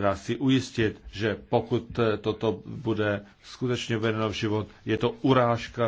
vás eh, si ujistit, že pokud eh, toto bude skutečně vedeno v život, je to urážka